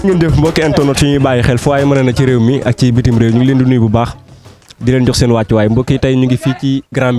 ngeen def mbokki internet yi ñuy bàyyi xel fu waaye mën na ci réew mi ak ci bitim réew ñu leen di nuyu bu baax di leen jox seen wàccuwaay mbokk yi tey ñu ngi fii ci Grand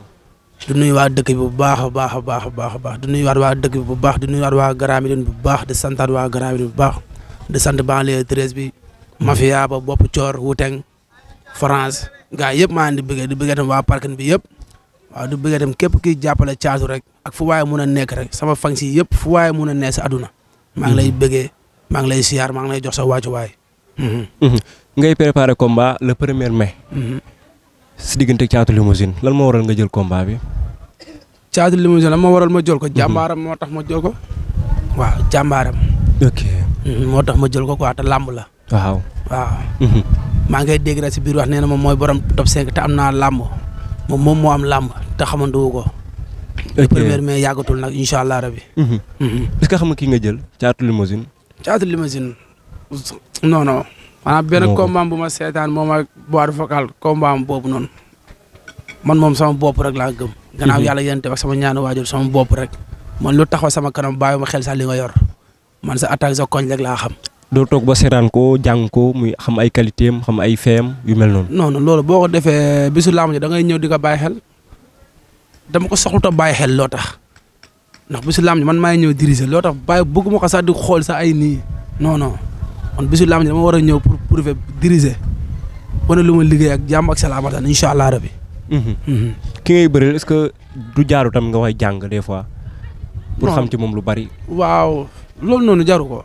du nuyu waa dëkk bi bu baax a baax a baax a baax du nuyu waat waa dëkk bi bu baax du nuyu waat waa Grand Médine bu baax di santaat waa Grand bu baax di sant banlieue treize bi mafia ba boppu coor wuteng France gars yëpp maa ngi di bëggee di bëggee tam waa parking bi yëpp waaw di bëggee tam képp ki jàppale caatu rek ak fu waaye mun a nekk rek sama fan si yëpp fu waaye mun a nekk sa aduna maa ngi lay mhm. bëggee maa ngi lay siyaar maa ngi lay jox sa waajuwaay. Mhm. Mhm. ngay préparer combat le premier mai. si diggante caatu limousine lan moo waral nga jël combat bi. caatu limousine lan moo waral ma jël ko. jàmbaaram moo tax ma jël ko. waaw mm-hmm, moo tax ma jël ko quoi te làmb la. waaw waaw. Mm-hmm. maa ngay dégg rek si biir wax nee na moom mooy borom top 5 te am naa làmb moom moom moo am làmb te xamandu ko. ok première mai yàggatul nag incha allah rabi. Mm-hmm. est que xam nga ki nga jël caatu limousine. caatu limousine non non. maanaam ben combat bu ma seetaan moom ak boar vocal combat bobu non, man mom sama bop rek la gëm. ganaw mhm. yalla yent ak sama ñaanu wajur sama bop rek man lu taxaw sama kanam bàyyi ma xel sa li nga yor man sa attaque sa koñ rek la xam. do tok ba setan ko jang ko muy xam ay qualité xam ay yu mel non non lolu boko ko bisu lamu da ngay ñew diga ko xel dama ko to bàyyi xel lo tax ndax bisu lamu man maay ñew diriger lo tax bàyyi bëgguma ko sa di xol sa ay ni non non. man bisu lamb ji war a ñëw pour prouver diriger wane lu ma liggéey ak jàmm ak salaamatan incha allah rabi. Mhm. Mhm. ki ngay bëreel est-ce du jaaru tam nga wax jàng des fois. pour xam ci moom lu bari. waaw loolu noonu jaru ko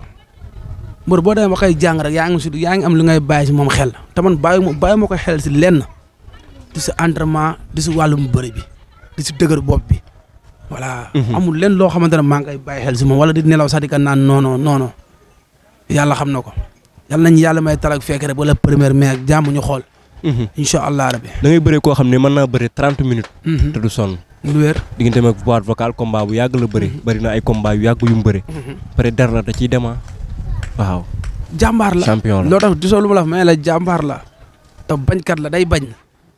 mbër boo demee ba koy jàng rek yaa ngi su yaa ngi am lu ngay bàyyi si moom xel te man bàyyi ma bàyyi ma ko xel si lenn di si entraînement di si wàllum bëri bi di si dëgër bopp bi. voilà. Mhm. amul lenn loo xamante ne maa ngi koy bàyyi xel si moom wala di nelaw sax di ko naan non yalla xam na ko yàlla nañ yalla may talak fekk rek wala premier mai ak jàmm ñu xol mhm. incha allah rabi. da ngay beure ko xamne man na beure 30 minutes. Mhm. te du son lu wér diggante ak voix vocal combat bu yag la beure bari mhm. na ay combat yu yag yu beure pare der la da ci dema waaw. jambar la champion tax du ma la may la jàmbaar la. te bañkat la day bañ.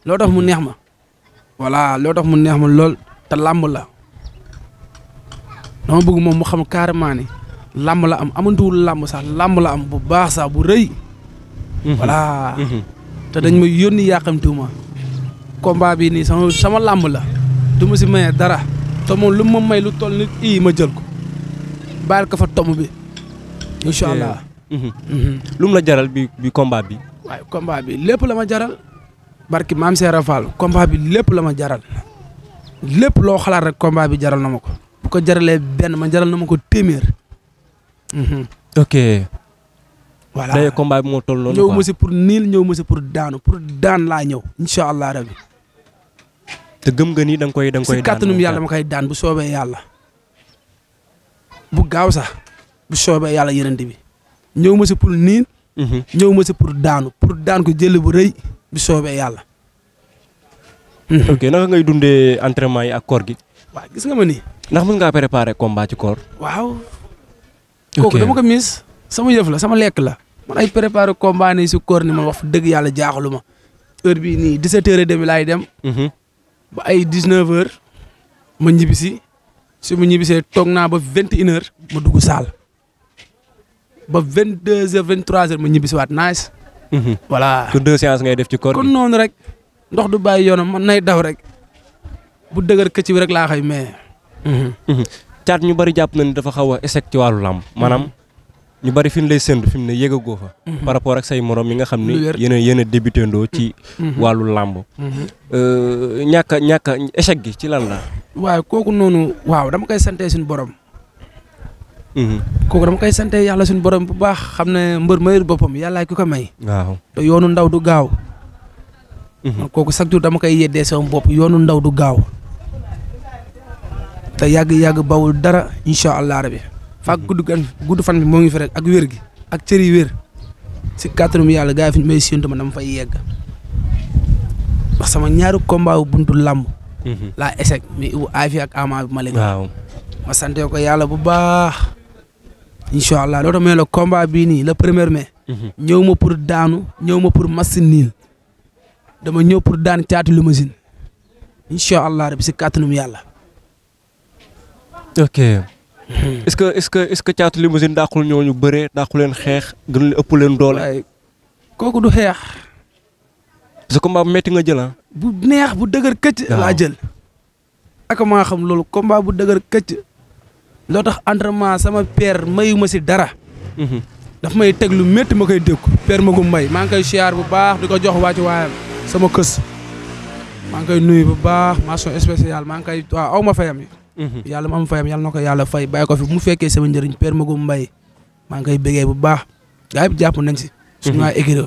lo tax mu neex ma. wala lo tax mu neex ma lol ta lamb la. dama bëgg mom mu xam carrément làmm la am amantuwul làmm sax làmm la am bu baax sax bu rëy. Mhm. voilà. Mhm. te dañ ma yónni yàqamtiwuma. combat bi nii sama sama la. du ma si maye dara. te moom ma may lu toll nit ii ma jël ko. baal ko fa tomb bi. Mhm. lu mu jaral bi bi bi. waaye bi lépp la ma jaral. barki maam Seera Fall combat bi lépp la ma jaral. lépp loo xalaat rek combat bi jaral na ma ko. bu ko jaralee benn ma jaral na ma ko téeméer. Mhm. Oke. voilà day combat bi moo musi pur nil ma musi pour niil pur ma si pour daanu pour daan laa ñëw incha allah rabi. te gëm nga ni da nga koy da nga koy daan si kàttanum yàlla ma koy daan bu soobee yàlla. bu gaaw sax bu soobee yàlla yërënd bi ñëw ma si pour niil. Mhm. ñëw ma si pour daanu pour daan ko jël bu rëy bu soobee yàlla. Mhm. ok naka ngay dundee entraînement yi ak koor gi. waaw gis nga ma ndax mën préparer combat ci koor. waaw. kooku dama ko miis sama yëf la sama lekk la man ay préparé combat nii si koor ni man wax dëgg yàlla jaaxalu ma heure bii nii 17 heures et demi laay dem. Mhm. ba ay 19 heures ma ñibbisi su mu ñibbisee toog naa ba 21 heures mu dugg saal ba 22 heures 23 heures ma ñibbisiwaat nice. Mhm. voilà pour deux séances ngay def ci koor noonu rek ndox du bàyyi yoonam man nay daw rek bu dëgër këcc bi rek laa xay mais. Mhm. caat ñu bari japp nañ dafa xawa échec ci walu lamb manam ñu bari fiñ lay séntu fiñ ne yëgagoo fa. Mhm. par rapport ak say morom yi nga xamni ni. yene débuté ndo ci. Mhm. walu lamb mhm. euh a ñàkk échec gi ci lan la. waaw koku nonu waaw dama koy santé suñu borom. koku dama koy santé yalla suñu borom bu baax xam ne mbër mayur boppam yàlla ki may. waaw te yoonu ndaw du gaaw. koku sax jour dama koy yeddee sama bop yoonu ndaw du gaaw. te yàgg-yàgg bawul dara incha allah rabi faak gudd gan fan bi moo ngi fi ak wér gi ak cër yi wér si kàttanum yàlla gars yi fi ñu ma dama fay yegg mhm. ma leen waaw ma sant ko yàlla bu baax incha allah loolu tamit la combat bii nii le premier mai mhm. ñëw ma pour daanu ñëw ma pour machine niil dama ñëw pour daan caatu limousine incha allah rabi si kàttanum yàlla ok est-ce que est-ce que est-ce que caatu limousine dàqul ñooñu bëree dàqul leen xeex gën leen ëpp leen doole. waaye kooku du xeex. parce que combat bu métti nga jël ah. bu neex bu dëgër këcc. laa jël. ak maa xam loolu combat bu dëgër këcc. loo tax entraînement sama père mayuma ma si dara. Mhm. daf may teg lu métti ma koy dégg père ma ko may maa ngi koy siyaar bu baax di ko jox waa ci waayam sama kës. maa ngi koy nuyu bu baax mention spéciale maa ngi koy waaw aw ma fayam yi ma mm-hmm. mu am fayam yàlla na ko yàlla fay bàyyi ko fi mu fekkee sama njëriñ père Magum maa ngi koy bégee bu baax gaa yëpp jàpp nañ si suñu mm-hmm. waa écrire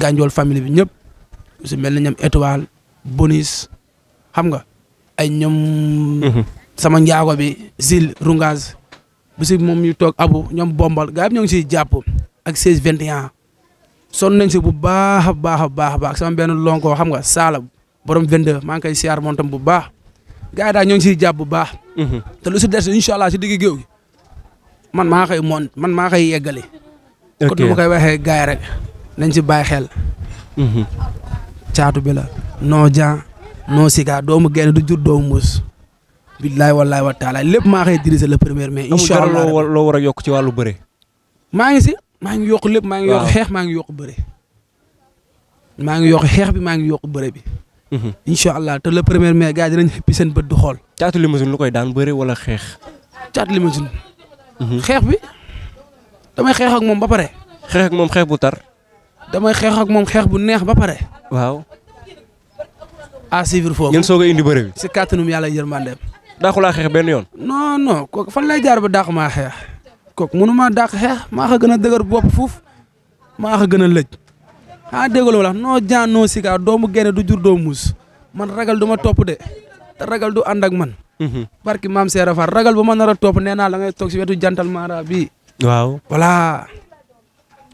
gànjool famille bi ñëpp su mel na ñoom étoile bonis xam nga ay ñam mm-hmm. sama njaako bi zil rungaz bu si moom ñu toog abu ñoom bombal gaa yëpp ñoo ngi siy jàpp ak 16 21 sonn nañ si bu baa a baax a baax a baax sama benn lonkoo xam saala bu baax gars daa ñoo ngi siy jàpp bu baax. Mhm. te lu si des incha allah si digg géew man maa koy moon man maa koy yeggale ok kon nu ma koy waxee gars yi rek nañ si bàyyi xel. Mhm. caatu bi la noo jaan noo siga doomu génn du jur doomu muus. billaay wallaay wa taala lépp maa koy dirigé le premier mai. incha allah amul dara loo war a yokk ci wàllu bëre. maa ngi si maa ngi yokk lépp maa ngi yokk xeex maa ngi yokk bëre. maa ngi yokk xeex bi maa ngi yokk bëre bi. Mm-hmm. incha allah te le premier mai gars yi dinañ xippi seen bët du xool. caatu limousine lu koy daan bëri wala xeex. caatu limousine. Mm-hmm. xeex bi damay xeex ak moom ba pare. xeex ak moom xeex bu tar. damay xeex ak moom xeex bu neex ba pare. waaw. à suivre foofu. ngeen soog a indi bëri bi. si kàttanum yàlla yërmandeem. daaxu laa xeex benn yoon. non non kooku fan jaar ba daaxu maa xeex. kooku mënu maa daax xeex maa xa gën a dëgër bopp fuuf maa xa gën a lëj. ha degol wala no jaan noo sika doomu du jur man ragal duma top de te ragal du ànd ak man. Mhm. barki mam Seera rafa ragal ba ma ra top neena la ngay tok ci wetu jantal mara bi waw wala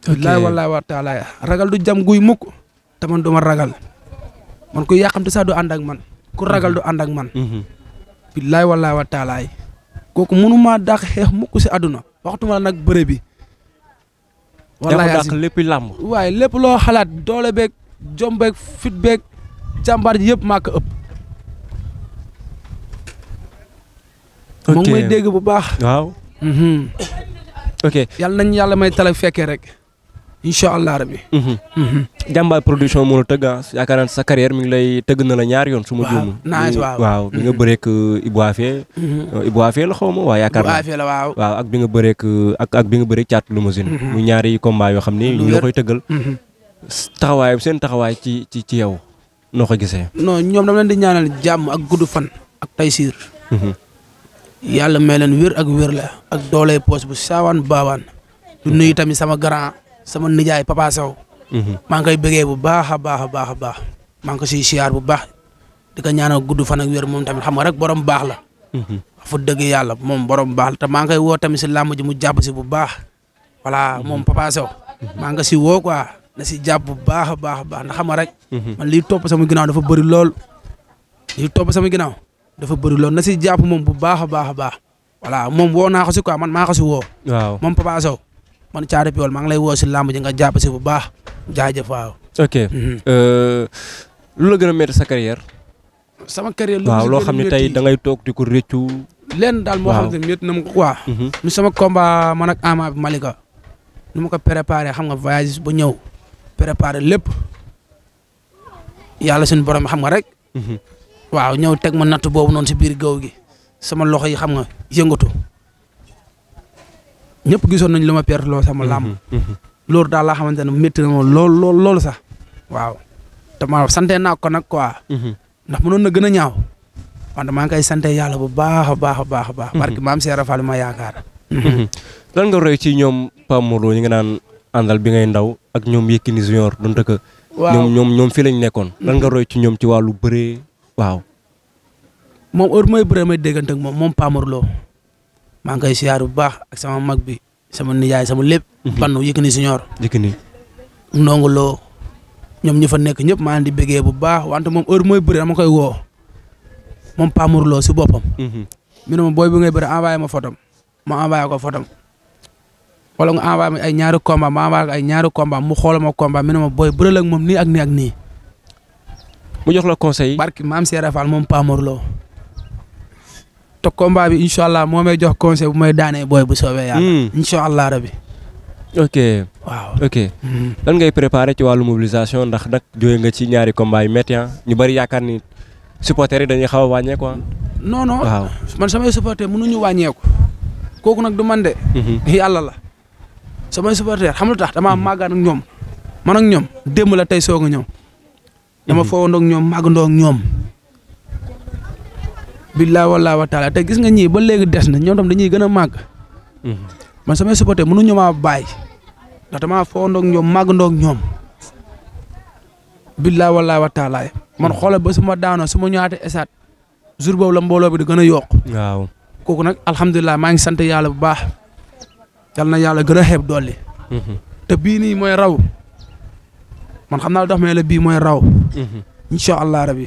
wallahi wallahi wa taala ragal du jam guy mukk te man duma ragal man ku yàqamte sa du ànd ak man ku ragal du ànd ak man. Mhm. billahi wallahi wa taala kooku munuma dakh dàq mukk waxtuma nak beure bi. wallaay yaa si léppi làmb waaye lépp loo xalaat doole beeg jomb beeg fit beeg jàmbaar ji yëpp maa ko ëpp. ok moom mooy dégg bu baax. waaw. Mhm. ok yàlla yàlla may tala fekkee rek. incha allah rabi. Mhm. Mhm. jàmbaar production moo la tëgg ah sa carrière mi lay tëgg na la ñaar yoon. su ma juum waaw waaw bi nga mhm. bëreek euh, Ibou Afé. Euh, Ibou Afé la xaw ma waaw yaakaar naa Ibou Afé la waaw. waaw ak bi nga bëreek euh, ak ak bi nga mu ñaari combat xam ni ñu la koy tëggal. taxawaayam seen taxawaay ci ci ci yow noo ko gisee. non ñoom dama leen di ñaanal jàmm ak gudd fan ak taysiir. yàlla may leen wér ak wér la ak dooley poos bu saawaan baawaan. du nuyu tamit sama grand. sama nijaay papa saw hmm mang koy bëggee bu baaxa baaxa baaxa baax mang ko ci bu baax di ko ñaanal guddu fan ak wër mom tamit xam nga rek borom baax la. Mhm. fu deug yàlla mom borom baax ta mang koy wo tamit si lamb ji mu japp si bu baax wala mhm. mom papa saw mang mhm. ko si wo quoi na si japp bu baaxa baaxa baax a ndax xam nga rek. man li top sama ginaaw dafa bari lool li top sama ginaaw dafa bari lool na si japp mom bu baaxa baaxa baax wala mom wo na ko ci quoi man maa ko waaw mom papa saw man caare piol ma ngi lay wo ci lamb ji nga japp ci bu baax jaaje faaw ok mhm. eh, lu la gëna metti sa carrière. sama carrière lu lo xamni tay da ngay tok diko reccu len dal mo xam ne na ko quoi. mi sama combat man ak Ama bi Malika. numu ko préparer xam nga voyage bu ñew préparer lepp yalla suñu borom xam nga rek. Mhm. waaw ñew tek ma natt bobu non ci bir gaw gi sama loxoy xam nga yëngatu. ñëpp gisoon nañ lu ma perte loo sama làmb mm-hmm, mm-hmm. loolu daal laa xamante ne métti na ma lool lool loolu sax waaw te ma sante naa ko nag quoi mm-hmm. ndax mënoon na gën a ñaaw wante maa ngi koy sante yàlla bu baax a baax a baax a baax barke maam Seera Fall ma yaakaar lan nga ci ñoom Pape Mor nga naan àndal bi ngay ndaw ak ñoom Yékini Junior donte que ñoom ñoom ñoom fii lañ nekkoon lan nga ci ñoom ci wàllu bëree waaw moom heure may bëree may déggante ak moom moom Pape maa ngi koy siyaar bu baax ak sama mag bi sama nijaay sama lépp. Mhm. pannu Yékini Senior. Yékini. Ndongo Lo ñoom ñu fa nekk ñëpp maa ngi di bëggee bu baax wante moom heure mooy bëri dama koy woo moom Pa Mour si boppam. mi mhm. ne ma booy bi ma fotom ma ko fotom wala nga ñaari ko ay ñaari mu xoolal ma combat mi ne ak moom nii ak nii ak nii. mu jox la conseil. barki maam Seera Fall moom Pa Mour te combat bi incha allah moo may jox conseil bu may daanee boy bu soobee yàlla. Hmm. incha allah rabi. ok waaw ok. Hmm. lan ngay préparer ci wàllu mobilisation ndax nag jóge nga ci ñaari combat yu métti ah. ñu bari yaakaar ni supporters yi dañuy xaw a wàññee quoi. Ah. non non waaw man samay supporters mënuñu wàññeeku. kooku nag du man de. Mhm. yàlla la. samay supporters xam lu tax damaa mhm. màggaan ak ñoom man ak ñoom démb la tey soog a ñëw. dama mhm. fowandoo ak ñoom màggandoo ak ñoom. billaa wallaa wa taala te gis nga ñii ba léegi des na ñoom tam dañuy gën a màgg. Mm-hmm. man samay supporter mënuñu maa bàyyi ndax damaa fondoog ñoom màggandoog ñoom. billaa wallaa wa taala man xoolal ba suma daanoo suma ma ñëwaatee esaat jour boobu la mbooloo bi di gën a yokk. waaw kooku nag alhamdulilah maa ngi sant yàlla bu baax yal na yàlla gën a xeeb dolli. Mm-hmm. te bii nii mooy raw man xam naa lu tax mais bii mooy raw. Mm-hmm. incha allah rabi.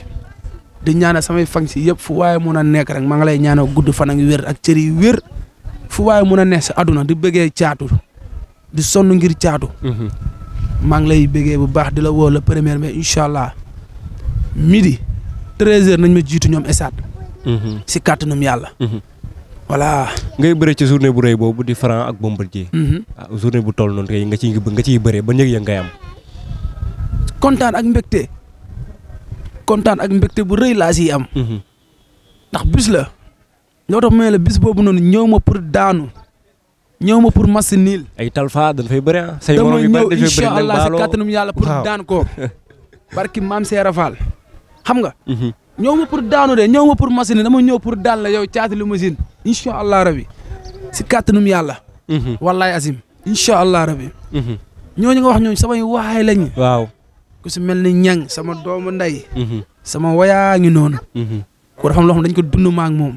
di ñaanal samay fan si yëpp fu waaye mun a nekk rek maa ngi lay ñaanal gudd fan ak ak cër yi fu waaye mun a nekk si àdduna di bëggee caatu di sonn ngir caatu. Mhm. maa ngi lay bëggee bu baax di la woo le premier mai incha allah midi 13h nañ ma jiitu ñoom esaat. Mhm. si kàttanum yàlla. Mhm. voilà. ngay bëre ci journée bu rëy boobu di Franc ak Bombardier. ah journée bu toll noonu kay nga ciy nga ciy bëree ba njëg kontaan ak mbégte. kontaan ak mbégte bu rëy la siy am. Mhm. ndax bis la. loo tax mu ne la bis boobu noonu ñëw ma pour daanu. ñëw ma pour match nul. ay talfa dañ fay bëri ah. say morom daan ko. barki maam Seera Fall xam nga. Mhm. ñëw ma pour daanu de ñëw ma pour machine dama ñëw pour daan la yow caati lu machine. incha allah rabi si kàttanum yàlla. Mhm. wallaay Azim. incha allah rabi. ñooñu nga wax ñooñu samay waay lañu. waaw ku ci melni ñang sama doomu nday mhm. sama wayang ngi non. Mhm. ku dafa am loo xam dañ ko dund ak mom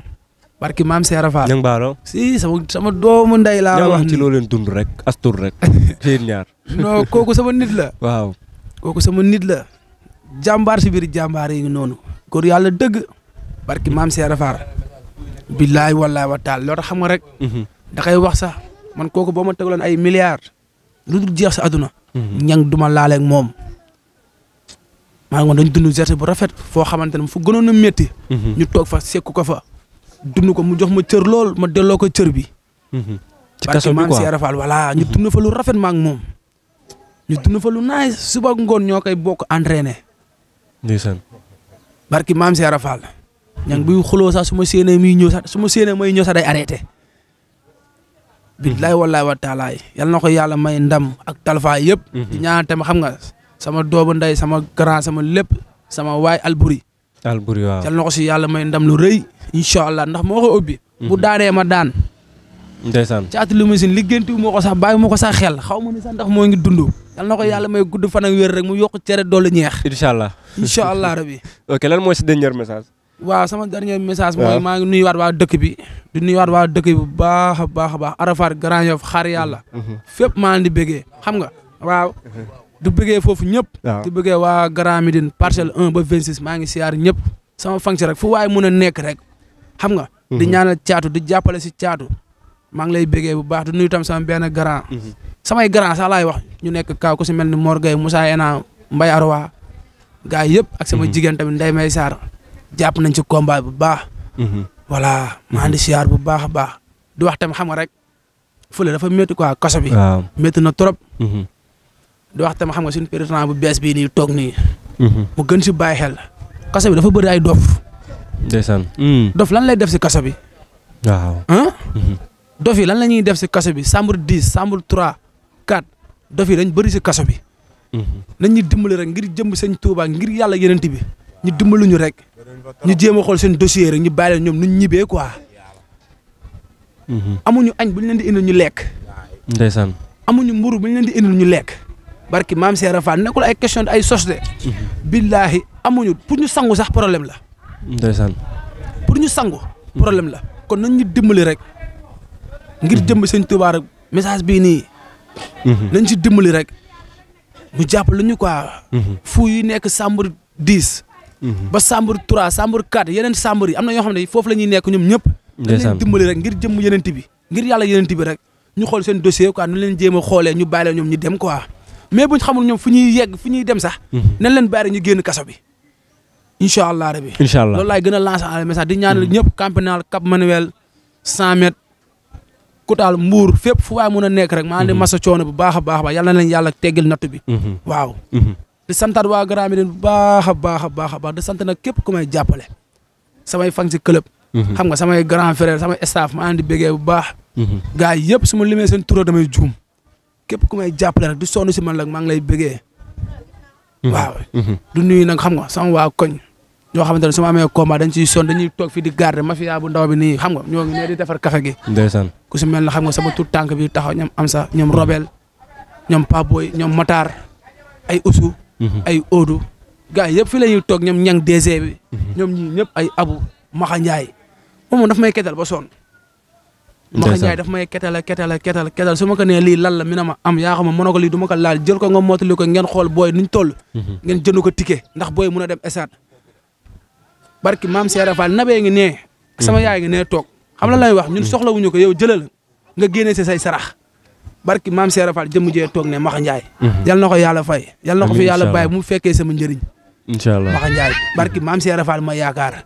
barki mam seera ñang baaro si sama sama doomu nday la wax ci lo leen dund rek astur rek seen ñaar no koku sama nit la waaw koku sama nit la jambar si bir jambar yi ngi noonu góor yàlla dëgg barki mam seera faal billaay wallaay wa taal lo tax xam nga rek mhm. da kay wax sax man koku boma ma tegaloon ay milliards lu dul jeex sa aduna ñang duma ak mom. maa ngi woon dañ dund gerte bu rafet foo xamante ne fu gënoon a métti. Mhm. ñu toog fa sekku ko fa. dund ko mu jox ma cër lool ma delloo ko cër bi. Mhm. ci kaso bi quoi parce que maa ngi ñu mhm. dund fa lu rafet ma moom. ñu dund fa lu naay suba ngoon ñoo koy bokk entraîné. ndeysaan. barki maam Seera Fall. ña ngi buy xuloo sax su ma séenee muy ñëw sax su ma séenee may ñëw sax day arrêté. billaay wallaay wa taalaay yal yàlla may ndam ak talfa yëpp. di ñaan xam nga sama doobu nday sama grand sama lépp sama waay Alburi. Alburi waaw jël na ko si yàlla may ndam lu rëy incha allah ndax moo ko ubbi. Mhm. bu daanee ma daan. ndeysaan si limousine liggéeyantu moo ko sax bàyyi moo ko sax xel xaw ma ni sax ndax moo ngi dund. yal na yàlla may gudd fan ak wér rek mu yokk cere doole ñeex. incha allah incha ok lan mooy sa dernier message. waaw sama dernier message. mooy maa ngi waat waa dëkk bi. di nuyuwaat waa dëkk bi bu baax a baax a baax Arafat Grand Yoff yàlla. Mhm. xam nga du bëggé fofu ñëpp. du bëggé wa gramidine parcel 1 ba 26 ma ngi siar ñëpp. sama fan rek fu way mëna nekk rek xam nga. di mhm. ñaanal caatu di jappalé si caatu. ma ngi lay bëggé bu baax du nuyu tam sama ben grand. Mhm. ay grand sa lay wax ñu nekk ka ko ci melni morgay Mor Moussa Ena Mbaye Arwa gaay yëpp ak sama mhm. jigen tam nday May sar japp nañ ci combat bu baax. wala ma ngi siar bu baax baax. du wax tam xam nga rek fulé dafa metti quoi kaso bi. metti na trop. di wax tam xam nga suñu président bu bees bii nii toog nii. Mhm. mu gën si bàyyi xel. kaso bi dafa bëri ay dof. Mm. dof lan lay def si kaso bi. waaw. Mhm. dof yi lan la ñuy def si kaso bi chambre 10 chambre 3 4 dof yi dañ si kaso bi. Mhm. nañ ñu dimbali rek ngir jëm sëñ Tuubaa ngir yàlla yenent bi ñu dimbalu ñu rek ñu jéem a xool seen dossier rek ñu bàyyi leen ñoom nuñ ñibbee ko amuñu añ bu ñu leen di indil ñu lekk. ndeysaan. amuñu mburu bu leen di indil ñu lekk. barki maam Seera Fall nekkul ay question de ay sos de. Mhm. billaahi amuñu pour ñu sangu sax problème la. ndeysaan. pour ñu sangu. problème la kon nañ ñu dimbali rek. ngir jëmb sëñ Tuubaa message bii nii. Mhm. nañ ci dimbali rek mu jàppale ñu quoi. Mhm. fu nekk chambre dix. ba chambre trois chambre quatre yeneen chambre yi yoo xam la ñuy nekk ñoom ñëpp. ndeysaan dañ leen dimbali rek ngir jëmm yeneen bi ngir yàlla yeneen bi rek ñu xool seen dossier quoi nu leen jéem a xoolee ñu baale ñoom ñu dem quoi. mais buñ xamul ñoom fu ñuy yegg fu ñuy dem sax. Mhm. nañ leen bari ñu génn kaso bi. incha allah rabi incha allah laay gën a lancer en message di ñaanal mhm. ñëpp campénal Cap Manuel 100 mètres Koutal Mbour fépp fu waay mën a nekk rek. maa ngi leen mhm. masa coono bu baax baax baax yàlla na leen yàlla teggil nattu bi. waaw. di santaat waa Grand Médine bu baax a baax a baax a baax di sant nag képp ku may jàppale samay fan si club. xam nga samay grand sama samay staff maa ngi di bégee bu baax. gars yi yëpp su ma limee seen tur damay juum. képp ku may jàppale rek di sonn si man la maa ngi lay bëggee. Mhm. waaw. Mhm. du nuyu nag xam nga sama waa koñ. ñoo xamante ne su ma koma combat dañ ciy sonn dañuy toog fii di garder mafia bu ndaw bi nii xam nga ñoo ngi ne di defar café gi. ndeysaan ku si mel ne xam nga sama tout tànk bi taxaw ñoom Amsa ñoom Robel ñoom Paboy ñoom Matar ay Usu. Mhm. ay Odu. gars yëpp fi la ñuy toog ñoom ñang DG bi. ñoom ñii ñëpp ay Abu Maxa Ndiaye moom ma may ketal ba sonn. maxa ñaay daf may ketala ketala ketala ketala su ma ko nee lii lan la mi na ma am yaa xam ma mëna ko lii du ma ko laal jël ko nga mootali ko ngeen xool booy nuñ toll mhm. ngeen jënd ko ticket ndax booy mun dem esaat barki maam Seera Fall nabee mhm. ngi nee toog xam la lay wax ñun mhm. soxlawuñu ko yow jëlal nga génnee si say sarax barki maam Seera Fall jëmm jee toog ne maxa njaay yal na ko yàlla fay yal na ko fi yàlla bàyyi mu fekkee sama njëriñ incha allah maxa njaay barki maam Seera Fall ma yaakaar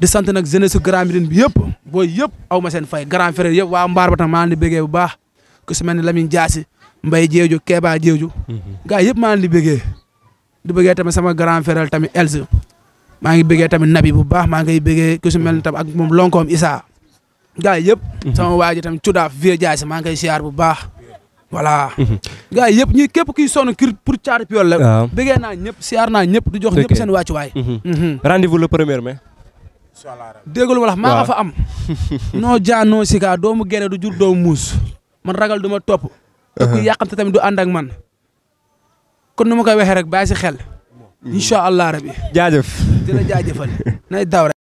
di sant nag jeunesse su Grand Médine bi yëpp booy yëpp ma seen fay grand frère yëpp waa mbaar ba tax maa leen di bëggee bu baax ku si mel ni Lamine Diassi Mbaye jeeju Kéba Diédhiou mhm. yëpp maa leen di bëggee di bëggee tamit sama grand frère tamit maa ngi bëggee tamit Nabi bu baax maa ngay bëggee ku si mel ni tam ak moom lonkoom Issa gars yëpp mhm. sama waa ji tamit Cudaaf Vieux Diassi maa ngi koy siyaar bu baax voilà. Mhm. gars yëpp ñi képp kuy sonn kii pour Thiatou Piyol la. waaw bëggee naa ñëpp siyaar naa ñëpp du jox ñëpp seen wàccuwaay. rendez-vous le dégg lu ma la maa nga fa am. noo jaa noo sika doomu gene du jur doomu muus man ragal du ma topp. te ku uh-huh. yàqante tamit du ànd ak man. kon nu ma koy waxee rek bàyyi si xel. Mm-hmm. incha allah rabi. jaajëf di la jaajëfal nay daw rek